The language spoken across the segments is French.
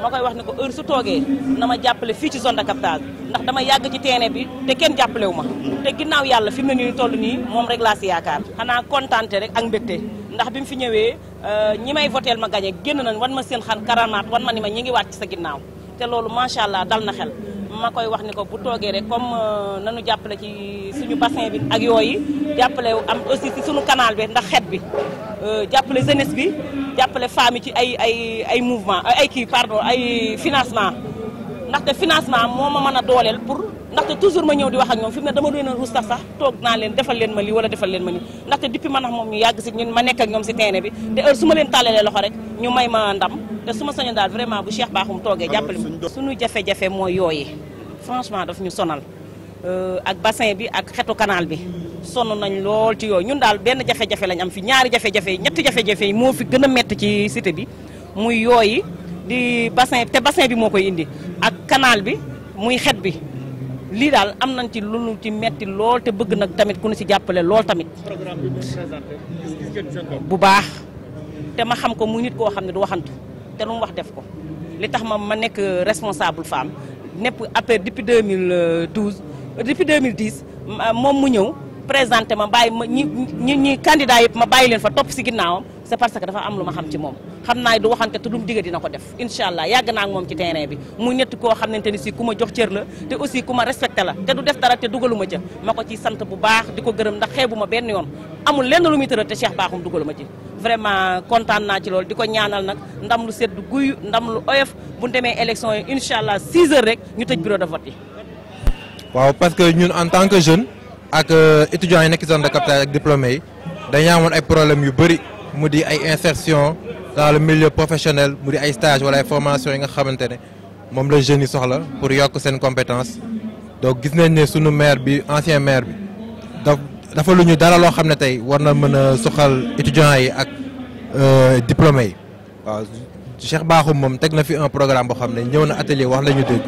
ma koy wax ne ko heure su toogee na ma jàppale fii ci zone de ndax dama yàgg ci terrain bi te kenn jàppalewu ma te ginnaaw yàlla fi mu ne nii toll nii moom rek laa si yaakaar xanaa kontaante rek ak mbégte ndax bi mu fi ñëwee euh, ñi may voteel ma gañe génn nañ wan ma seen xan karamaat wan ma ni ma ñi ngi waat ci sa ginnaaw te loolu macha allah dal na xel ma koy wax ni ko bu toogee rek comme euh, nanu jàppale ci suñu bassin bi ak yooyu jàppale am aussi ci suñu canal bi ndax xet bi euh, jàppale jeunesse bi jàppale femmes yi ci ay ay ay mouvement ay kii pardon ay financement ndaxte financement moo ma mën a dooleel pour ndaxte toujours ma ñëw di wax ak ñoom fi mu ne dama doon ruus tax sax toog naa leen defal leen ma lii wala defal leen ma lii ndaxte depuis man ak moom ñu yàgg si ñun ma nekk ak ñoom si terrain bi te heure su ma leen tàllalee loxo rek ñu may ma ndam te su ma sañoon daal vraiment bu Cheikh Bakhoum toogee jàppale ma suñu jafe-jafe mooy yooyu franchement daf ñu sonal euh, ak bassin bi ak xetu canal bi sonn nañ lool ci yooyu ñun daal benn jafe lañ am fi ñaari jafe ñetti jafe yi moo fi gën a métti ci cité bi muy yooyu di bassin te bassin bi moo koy indi ak kanaal bi muy xet bi lii daal am nañ ci lu ñu ci metti lool te bëgg nag tamit ku ñu ci jàppale lool tamit. bu baax te ma xam ko muy nit koo xam ne du waxantu te lu mu wax def ko li tax ma ma nekk responsable femme nepp après depuis 2012 depuis 2010 moom mu ñëw présenté ma bàyyi ma ñi ñi ñi candidat yëpp ma bàyyi leen fa topp si ginnaawam. c'est parce que dafa am luma xam ci mom xam naa du waxante te lu mu dina ko def inshallah allah yàgg ak mom ci terrain bi mu ñett ko xamante ni si ku jox cër la te aussi kuma ma respecté la te du def dara te dugaluma ci mako ci ciy bu baax diko gëreum ndax xébuma ben yoon amul lenn lu mi teureu te Cheikh Bakhoum dugaluma ci vraiment kontaan na ci lool diko ñaanal nak ndam lu sedd guuy ndam lu oyof bu demee élection inshallah 6 heures rek ñu tej bureau de vote yi waaw parce que ñun en tant que jeune ak euh, étudiant yi nekk zone de capitale ak diplômé yi dañu ay problème yu bari mu di ay insertion dans le milieu professionnel mu di ay stage wala ay formation yi nga xamante ne moom la jeunes yi soxla pour yokk seen compétence donc gis nañ ne sunu maire bi ancien maire bi daf dafa lu ñu dara loo xam ne tey war na mën a soxal étudiants yi ak euh, diplômé yi waaw Cheikh Bakhoum moom teg na fi un programme boo xam ne ñëw na atelier wax la ñu dégg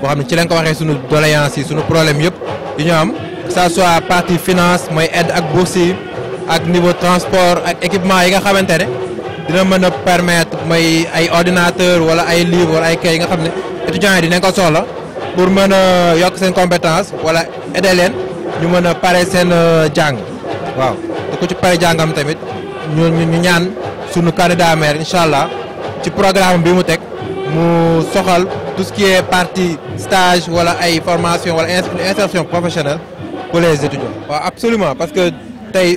boo xam ne ci lañ ko waxee sunu doléance yi sunu problème yëpp yu ñu am que ça soit partie finance mooy aide ak bourse yi ak niveau transport ak équipement yi nga xamante ne dina mën a permettre may ay ordinateur wala ay livre wala ay kay nga xam ne étudiants yi dinañ ko soxla pour mën a yokk seen compétence wala aider leen ñu mën a pare seen euh, jàng waaw te ku ci pare jàngam tamit ñu ñu ñaan sunu candidat maire incha allah ci programme bi mu teg mu soxal tout ce qui est partie stage wala ay formation wala insertion professionnelle pour les étudiants waaw absolument parce que tey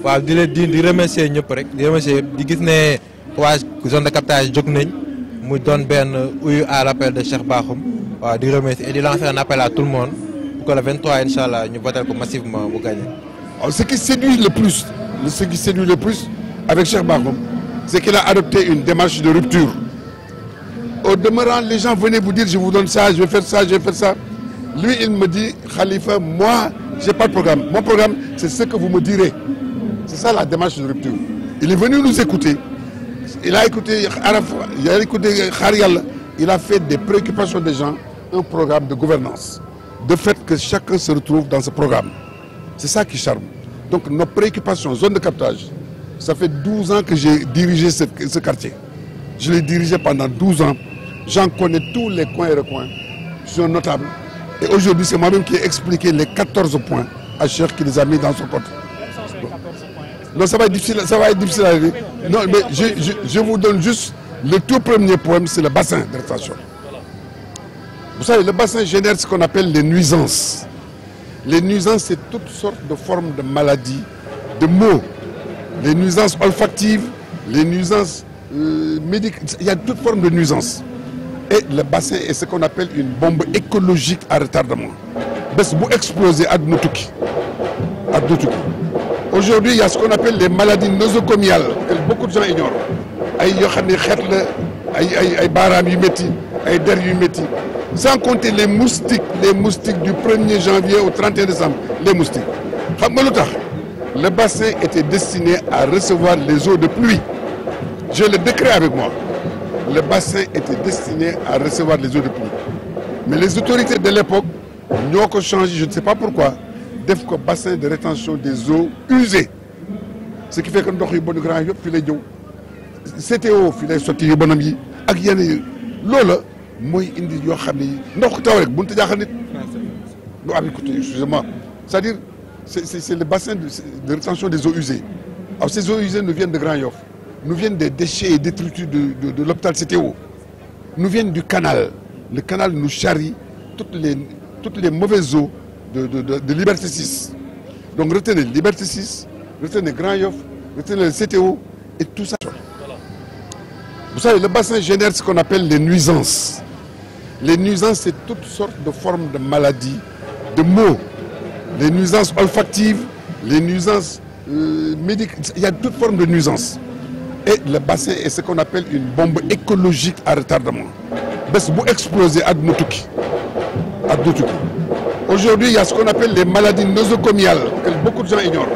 waaw di leen di di remercier ñëpp rek di remercier di gis ne waa zone de captage jóg nañ mu doon benn uyu à l'appel de Cheikh Bakhoum waaw di remercier et di lancer un appel à tout le monde pour que le 23 incha allah ñu votel ko massivement bu gagner. ce qui séduit le plus ce qui séduit le plus avec Cheikh Bakhoum c'est qu'il a adopté une démarche de rupture. Au demeurant, les gens venaient vous dire je vous donne ça, je vais faire ça, je vais faire ça. Lui, il me dit, Khalifa, moi, j'ai pas de programme. Mon programme, c'est ce que vous me direz. C'est ça la démarche de rupture. Il est venu nous écouter. Il a écouté Araf, il a écouté Kharial. Il a fait des préoccupations des gens un programme de gouvernance. De fait que chacun se retrouve dans ce programme. C'est ça qui charme. Donc nos préoccupations, zone de captage, ça fait 12 ans que j'ai dirigé ce, ce quartier. Je l'ai dirigé pendant 12 ans. J'en connais tous les coins et recoins. Je suis un notable. Et aujourd'hui, c'est moi-même qui ai expliqué les 14 points qui les a mis dans son compte. Non, ça va être difficile, ça va être difficile à arriver. Non, mais je, vous donne juste le tout premier poème, c'est le bassin de Vous savez, le bassin génère ce qu'on appelle les nuisances. Les nuisances, c'est toutes sortes de formes de maladies, de maux. Les nuisances olfactives, les nuisances euh, médicales, il y a toutes formes de nuisances. Et le bassin est ce qu'on appelle une bombe écologique à retardement. Baisse explosé à tukki aujourd'hui il y a ce qu'on appelle les maladies nosocomiales que beaucoup de gens ignorent ay la ay ay sans compter les moustiques les moustiques du 1er janvier au 31 décembre les moustiques le bassin était destiné à recevoir les eaux de pluie Je le décris avec moi le bassin était destiné à recevoir les eaux de pluie mais les autorités de l'époque nous avons changé je ne sais pas pourquoi def ko bassin de rétention des eaux usées ce qui fait que nous avons bon grand yëpp fi lay CTO fi sorti, sotti bonam yi ak yenn Lola, loola indi yoo xam taw rek cest c'est-à-dire c'est c'est le bassin de, de rétention des eaux usées ces eaux usées nous viennent de Grand Yoff nous viennent des déchets et des de, de, de l'hôpital CTO nous viennent du canal le canal nous charrie toutes les toutes les mauvaises eaux de, de, Liberté 6. Donc retenez Liberté 6, retenez Grand Yoff, retenez le CTO et tout ça. Vous savez, le bassin génère ce qu'on appelle les nuisances. Les nuisances, c'est toutes sortes de formes de maladies, de maux. Les nuisances olfactives, les nuisances euh, médicales, il y a toutes formes de nuisances. Et le bassin est ce qu'on appelle une bombe écologique à retardement. Parce que vous explosez à Aujourd'hui, il y a ce qu'on appelle les maladies nosocomiales, que beaucoup de gens ignorent.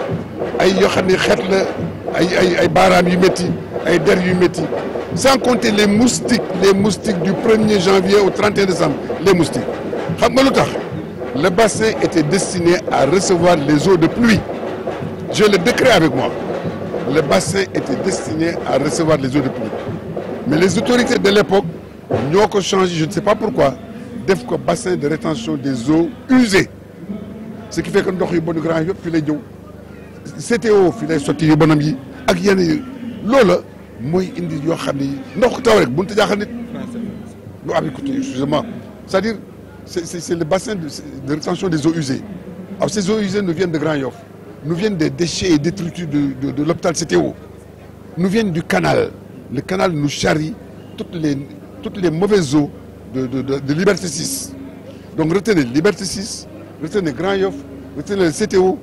Sans compter les moustiques, les moustiques du 1er janvier au 31 décembre, les moustiques. Le bassin était destiné à recevoir les eaux de pluie. Je le décris avec moi. Le bassin était destiné à recevoir les eaux de pluie. Mais les autorités de l'époque n'ont que changé, je ne sais pas pourquoi, def ko bassin de rétention des eaux usées ce qui fait que nous yu bon grand yëpp fi lay jëw CTO fi lay sotti yu bonam yi ak yenn yi loola mooy indi yoo xam ne ndox taw rek bu cest c'est-à-dire c'est le bassin de, de rétention des eaux usées alors ces eaux usées nous viennent de Grand Yoff nous viennent des déchets et des détritus de de, de l'hôpital CTO nous viennent du canal le canal nous charrie toutes les toutes les mauvaises eaux de, de, de, Liberté 6. Donc retenez Liberté 6, retenez Grand Yoff, retenez le CTO.